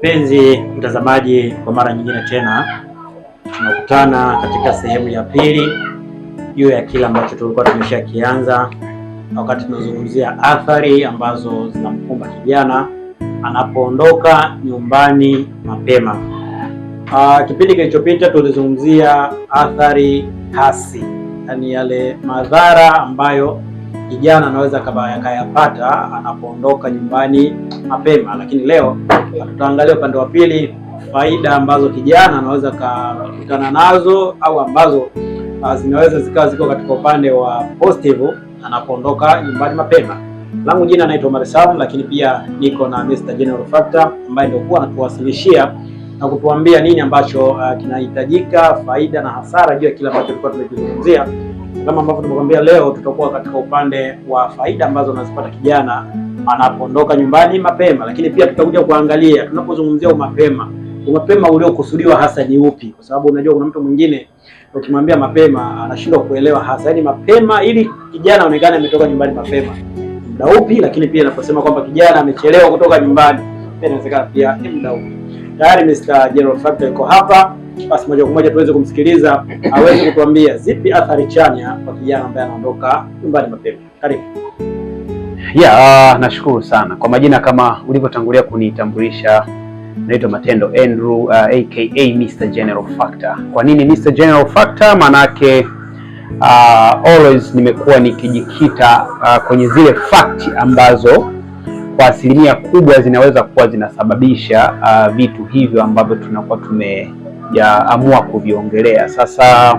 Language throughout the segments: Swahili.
Mpenzi mtazamaji, kwa mara nyingine tena tunakutana katika sehemu ya pili juu ya kile ambacho tulikuwa na wakati tunazungumzia athari ambazo zinamkumba kijana anapoondoka nyumbani mapema. Aa, ah, kipindi kilichopita tulizungumzia athari hasi, yaani yale madhara ambayo kijana anaweza akayapata anapoondoka nyumbani mapema, lakini leo tutaangalia upande wa pili, faida ambazo kijana anaweza akakutana nazo au ambazo ah, zinaweza zikawa ziko katika upande wa positive anapoondoka nyumbani mapema. Langu jina naitwa Maresamu, lakini pia niko na Mr. General Factor ambaye ndio kuwa anatuwasilishia na kutuambia nini ambacho uh, kinahitajika, faida na hasara juu ya kile ambacho tulikuwa tumejizungumzia. Kama ambavyo tumekwambia, leo tutakuwa katika upande wa faida ambazo anazipata kijana anapoondoka nyumbani mapema, lakini pia tutakuja kuangalia tunapozungumzia umapema, umapema uliokusudiwa hasa ni upi? Kwa sababu unajua kuna mtu mwingine ukimwambia mapema anashindwa kuelewa hasa, yaani mapema ili kijana aonekane ametoka nyumbani mapema muda upi, lakini pia naposema kwamba kijana amechelewa kutoka nyumbani inawezekana pia ni muda upi. Tayari Mr. General Factor yuko hapa basi moja kwa moja tuweze kumsikiliza aweze kutuambia zipi athari chanya kwa kijana ambaye anaondoka nyumbani mapema. Karibu. Yeah, uh, nashukuru sana kwa majina, kama ulivyotangulia kunitambulisha, naitwa Matendo Andrew uh, ah, aka Mr. General Factor. Kwa nini Mr. General Factor? yake uh, ah, always nimekuwa nikijikita uh, kwenye zile fact ambazo kwa asilimia kubwa zinaweza kuwa zinasababisha uh, vitu hivyo ambavyo tunakuwa tume amua kuviongelea. Sasa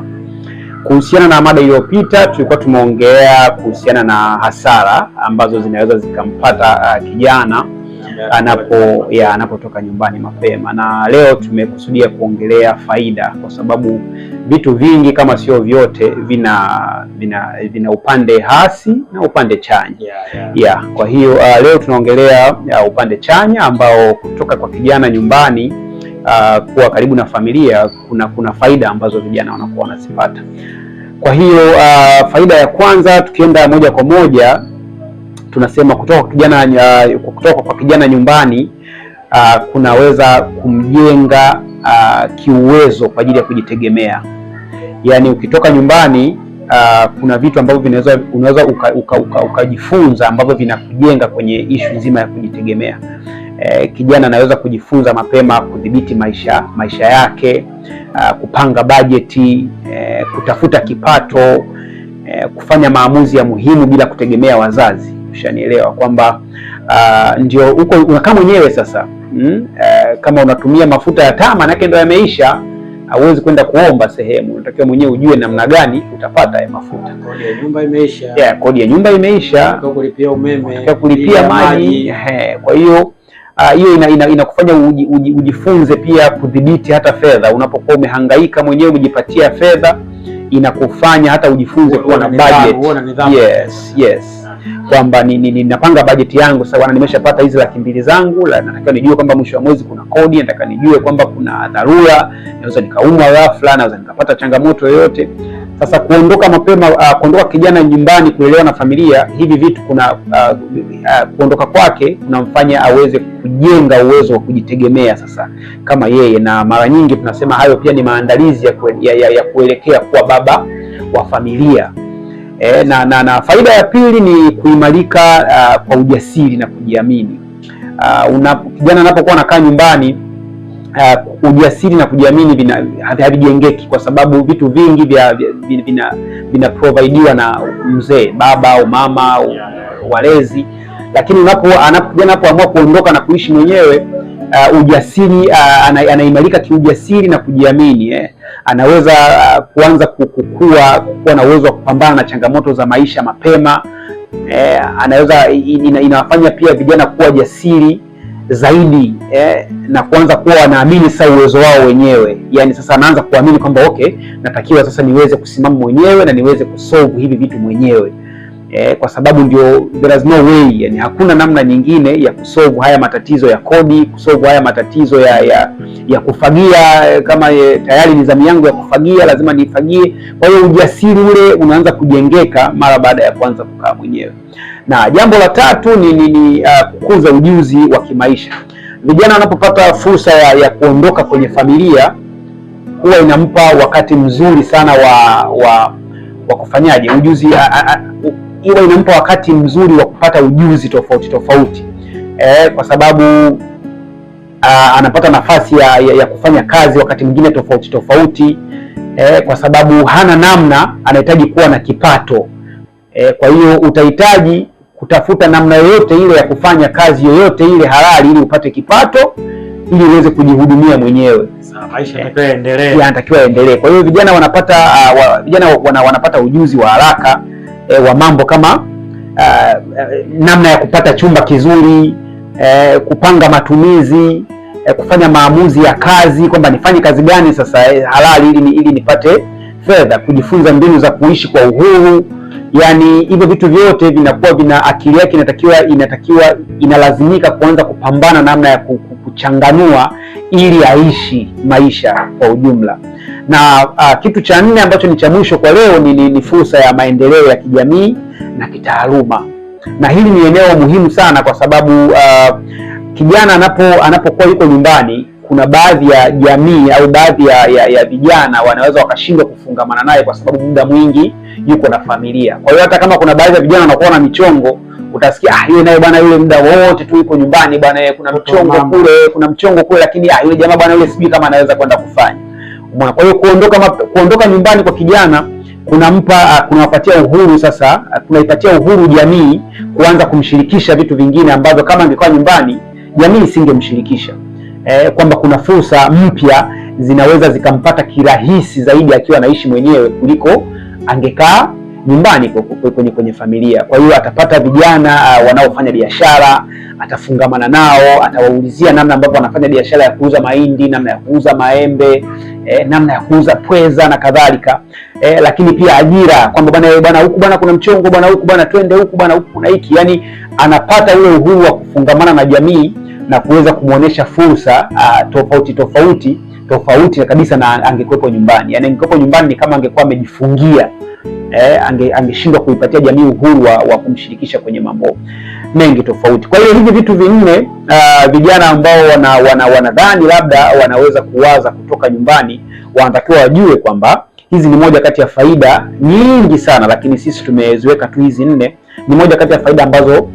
kuhusiana na mada iliyopita, tulikuwa tumeongelea kuhusiana na hasara ambazo zinaweza zikampata uh, kijana anapo ya anapotoka nyumbani mapema, na leo tumekusudia kuongelea faida, kwa sababu vitu vingi kama sio vyote vina, vina vina upande hasi na upande chanya yeah, yeah. Yeah, kwa hiyo uh, leo tunaongelea uh, upande chanya ambao kutoka kwa kijana nyumbani uh, kuwa karibu na familia, kuna kuna faida ambazo vijana wanakuwa wanazipata. Kwa hiyo uh, faida ya kwanza tukienda moja kwa moja tunasema kutoka kwa kijana, uh, kutoka kwa kijana nyumbani uh, kunaweza kumjenga uh, kiuwezo kwa ajili ya kujitegemea. Yaani ukitoka nyumbani Uh, kuna vitu ambavyo vinaweza unaweza ukajifunza uka, uka, uka ambavyo vinakujenga kwenye ishu nzima ya kujitegemea e, kijana anaweza kujifunza mapema kudhibiti maisha maisha yake, a, ah, kupanga bajeti e, kutafuta kipato e, kufanya maamuzi ya muhimu bila kutegemea wazazi. Ushanielewa kwamba ah, ndio uko unakaa mwenyewe sasa mm? e, kama unatumia mafuta ya taa manake ndo yameisha hauwezi kwenda kuomba sehemu, unatakiwa mwenyewe ujue namna gani utapata ya mafuta. Kodi ya nyumba imeisha, yeah, kodi ya nyumba imeisha, kulipia umeme, kulipia maji, kwa hiyo Ah, hiyo uh, inakufanya ina uji, uji, ujifunze pia kudhibiti hata fedha. Unapokuwa umehangaika mwenyewe umejipatia fedha, inakufanya hata ujifunze kuwa na budget. Yes, yes kwamba ninapanga ni, bajeti yangu sasa, bwana, nimeshapata hizi laki mbili zangu natakiwa nijue kwamba mwisho wa mwezi kuna kodi, nataka nijue kwamba kuna dharura, naweza nikaumwa ghafla, naweza nikapata changamoto yoyote. Sasa kuondoka mapema, uh, kuondoka kijana nyumbani kulelewa na familia, hivi vitu kuna uh, uh, kuondoka kwake kunamfanya aweze kujenga uwezo wa kujitegemea sasa kama yeye, na mara nyingi tunasema hayo pia ni maandalizi ya, kue, ya, ya, ya kuelekea kuwa baba wa familia. E, na, na, na faida ya pili ni kuimarika uh, kwa ujasiri na kujiamini. Uh, una kijana anapokuwa anakaa nyumbani uh, ujasiri na kujiamini havijengeki kwa sababu vitu vingi vina na mzee, baba au mama au walezi, lakini unapo anapoamua kuondoka na kuishi mwenyewe Uh, ujasiri uh, ana, anaimarika kiujasiri na kujiamini eh. Anaweza uh, kuanza kukua kuwa na uwezo wa kupambana na changamoto za maisha mapema eh, anaweza in, inawafanya pia vijana kuwa jasiri zaidi eh, na kuanza kuwa wanaamini sasa uwezo wao wenyewe. Yani sasa anaanza kuamini kwamba okay, natakiwa sasa niweze kusimama mwenyewe na niweze kusolve hivi vitu mwenyewe eh, kwa sababu ndio there is no way, yani hakuna namna nyingine ya kusolve haya matatizo ya kodi, kusolve haya matatizo ya ya, ya kufagia. Kama eh, tayari ni zamu yangu ya kufagia, lazima niifagie. Kwa hiyo ujasiri ule unaanza kujengeka mara baada ya kuanza kukaa mwenyewe. Na jambo la tatu ni, ni, ni uh, kukuza ujuzi wa kimaisha. Vijana wanapopata fursa ya, ya kuondoka kwenye familia huwa inampa wakati mzuri sana wa wa, wa kufanyaje ujuzi huwa inampa wakati mzuri wa kupata ujuzi tofauti tofauti e, kwa sababu a, anapata nafasi ya, ya, ya kufanya kazi wakati mwingine tofauti tofauti e, kwa sababu hana namna, anahitaji kuwa na kipato e, kwa hiyo utahitaji kutafuta namna yoyote ile ya kufanya kazi yoyote ile halali ili upate kipato ili uweze kujihudumia mwenyewe. Maisha yanatakiwa Kwa hiyo vijana wanapata uh, wa, vijana wana, wanapata ujuzi wa haraka eh, wa mambo kama uh, eh, namna ya kupata chumba kizuri eh, kupanga matumizi eh, kufanya maamuzi ya kazi kwamba nifanye kazi gani sasa eh, halali ili, ili nipate fedha, kujifunza mbinu za kuishi kwa uhuru yani hivyo vitu vyote vinakuwa vina akili yake inatakiwa inatakiwa inalazimika kuanza kupambana namna ya kuchanganua ili aishi maisha kwa ujumla. Na a, kitu cha nne ambacho ni cha mwisho kwa leo ni, ni, ni fursa ya maendeleo ya kijamii na kitaaluma, na hili ni eneo muhimu sana kwa sababu a, kijana anapo anapokuwa yuko nyumbani kuna baadhi ya jamii au baadhi ya, ya, ya vijana wanaweza wakashindwa kufungamana naye kwa sababu muda mwingi yuko na familia. Kwa hiyo hata kama kuna baadhi ya vijana wanakuwa na michongo, utasikia ah, yeye naye bwana, yule muda wote tu yuko nyumbani bwana, eh, kuna mchongo kule, eh, kuna mchongo kule, lakini ah, yule jamaa bwana, yule sijui kama anaweza kwenda kufanya. Umeona? Kwa hiyo kuondoka, kuondoka nyumbani kwa kijana kunampa ah, kunawapatia uhuru sasa, ah, kunaipatia uhuru jamii kuanza kumshirikisha vitu vingine ambavyo kama angekuwa nyumbani jamii isingemshirikisha eh, kwamba kuna fursa mpya zinaweza zikampata kirahisi zaidi akiwa anaishi mwenyewe kuliko angekaa nyumbani kwenye, kwenye familia. Kwa hiyo atapata vijana uh, wanaofanya biashara, atafungamana nao, atawaulizia namna ambavyo wanafanya biashara ya kuuza mahindi, namna ya kuuza maembe eh, namna ya kuuza pweza na kadhalika eh, lakini pia ajira, kwamba bwana eh, bwana, huku bwana kuna mchongo bwana, huku bwana, twende huku bwana, huku kuna hiki. Yani anapata ule uhuru wa kufungamana na jamii na kuweza kumwonyesha fursa uh, tofauti tofauti tofauti kabisa na angekuwepo nyumbani. Yani angekuwepo nyumbani ni kama angekuwa amejifungia eh, ange, angeshindwa kuipatia jamii uhuru wa, wa kumshirikisha kwenye mambo mengi tofauti. Kwa hiyo hivi vitu vinne uh, vijana ambao wanadhani wana, wana labda wanaweza kuwaza kutoka nyumbani wanatakiwa wajue kwamba hizi ni moja kati ya faida nyingi sana, lakini sisi tumeziweka tu hizi nne. Ni moja kati ya faida ambazo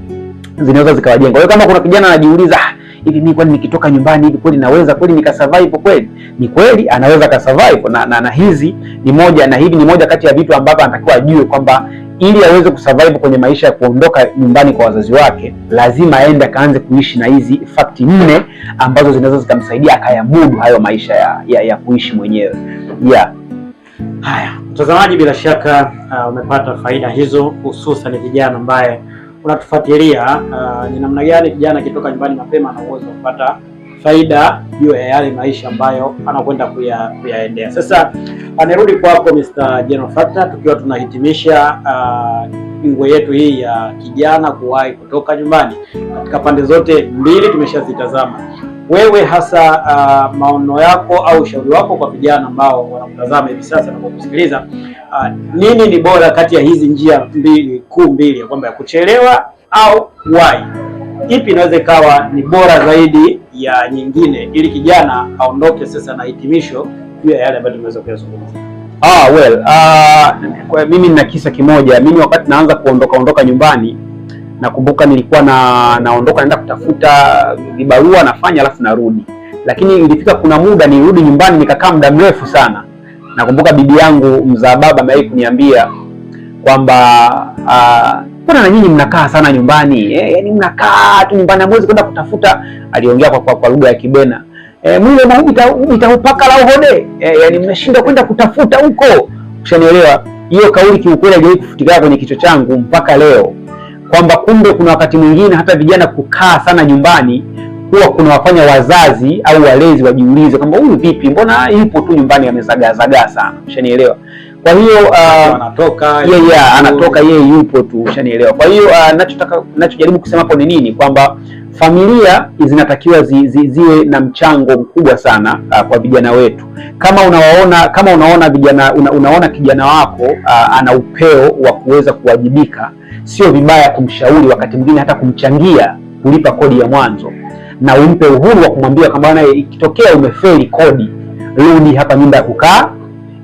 zinaweza zikawajenga. Kwa hiyo kama kuna kijana anajiuliza ah, hivi mimi kwani nikitoka nyumbani hivi kweli naweza kweli nikasurvive kweli? Ni kweli anaweza kasurvive na, na, na hizi ni moja na hivi ni moja kati ya vitu ambavyo anatakiwa ajue kwamba ili aweze kusurvive kwenye maisha ya kuondoka nyumbani kwa wazazi wake, lazima aende akaanze kuishi na hizi fact nne ambazo zinaweza zikamsaidia akayamudu hayo maisha ya, ya, ya kuishi mwenyewe yeah. Haya mtazamaji, bila shaka uh, umepata faida hizo, hususan vijana ambaye unatufuatilia uh, ni namna gani kijana akitoka nyumbani mapema ana uwezo wa kupata faida juu ya yale maisha ambayo anakwenda kuyaendea. Sasa anarudi kwako Mr. General Factor, tukiwa tunahitimisha uh, ingwe yetu hii ya kijana kuwahi kutoka nyumbani katika pande zote mbili tumeshazitazama wewe hasa uh, maono yako au ushauri wako kwa vijana ambao wanakutazama hivi sasa na kukusikiliza, uh, nini ni bora kati ya hizi njia mbili kuu mbili, ya kwamba ya kuchelewa au wai, ipi inaweza ikawa ni bora zaidi ya nyingine, ili kijana aondoke sasa na hitimisho juu ya yale ambayo tumeweza kuyazungumza? Ah, well, uh, mimi nina kisa kimoja. Mimi wakati naanza kuondoka ondoka nyumbani Nakumbuka nilikuwa na naondoka naenda kutafuta vibarua nafanya, alafu narudi, lakini ilifika kuna muda nirudi nyumbani nikakaa muda mrefu sana. Nakumbuka bibi yangu mzaa baba amewahi kuniambia kwamba kuna ah, na nyinyi mnakaa sana nyumbani eh, yani mnakaa tu nyumbani hamwezi kwenda kutafuta. Aliongea kwa, kwa, kwa lugha ya Kibena eh, mwile itaupaka ita la uhode eh, yani mnashinda kwenda kutafuta huko, ushanielewa. Hiyo kauli kiukweli haijawahi kufutika kwenye kichwa changu mpaka leo kwamba kumbe kuna wakati mwingine hata vijana kukaa sana nyumbani huwa wafanya wazazi au walezi wajiulize kwamba huyu vipi, mbona yupo tu nyumbani amezagazagaa sana. Ushanielewa? Kwa hiyo uh, anatoka yeah, yeah, anatoka yeye yupo tu. Ushanielewa? Kwa hiyo uh, nachotaka nachojaribu kusema hapo ni nini, kwamba familia zinatakiwa zi, zi, ziwe na mchango mkubwa sana uh, kwa vijana wetu. Kama unawaona kama unaona vijana una, unaona kijana wako uh, ana upeo wa kuweza kuwajibika sio vibaya kumshauri, wakati mwingine hata kumchangia kulipa kodi ya mwanzo, na umpe uhuru wa kumwambia kwamba bwana, ikitokea umefeli kodi, rudi hapa, nyumba ya kukaa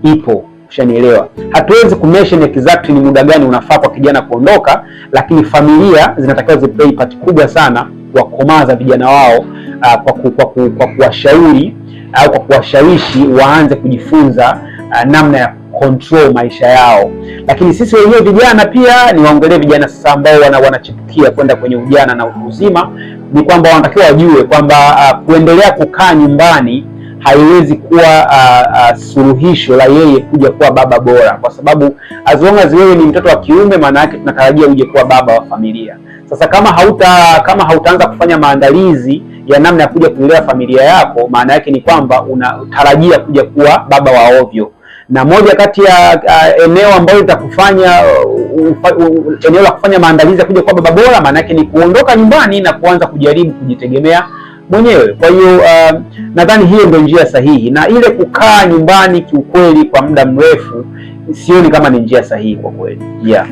ipo. Ushanielewa? Hatuwezi mention exactly ni muda gani unafaa kwa kijana kuondoka, lakini familia zinatakiwa ziplay part kubwa sana kuwakomaza vijana wao uh, kwa ku, kwa ku, kwa kuwashauri au kwa kuwashawishi waanze kujifunza uh, namna ya control maisha yao lakini sisi wenyewe vijana pia niwaongelee vijana sasa ambao wana, wanachipukia kwenda kwenye ujana na utu uzima, ni kwamba wanatakiwa wajue kwamba uh, kuendelea kukaa nyumbani haiwezi kuwa uh, uh, suluhisho la yeye kuja kuwa baba bora, kwa sababu as long as wewe ni mtoto wa kiume, maana yake tunatarajia uje kuwa baba wa familia. Sasa kama hauta kama hautaanza kufanya maandalizi ya namna ya kuja kulea familia yako, maana yake ni kwamba unatarajia kuja kuwa baba wa ovyo na moja kati ya uh, eneo uh, ambalo litakufanya uh, uh, eneo la kufanya maandalizi ya kuja kuwa baba bora, maana yake ni kuondoka nyumbani na kuanza kujaribu kujitegemea mwenyewe. Kwa hiyo uh, nadhani hiyo ndio njia sahihi, na ile kukaa nyumbani kiukweli kwa muda mrefu sioni kama ni njia sahihi kwa kweli, yeah.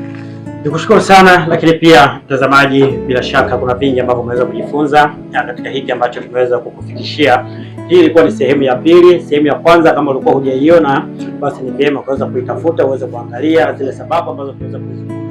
Nikushukuru sana lakini pia mtazamaji, bila shaka kuna vingi ambavyo umeweza kujifunza katika hiki ambacho tumeweza kukufikishia. Hii ilikuwa ni sehemu ya pili. Sehemu ya kwanza kama ulikuwa hujaiona, basi ni vyema ukaweza kuitafuta uweze kuangalia zile sababu ambazo tunaweza kuzungumza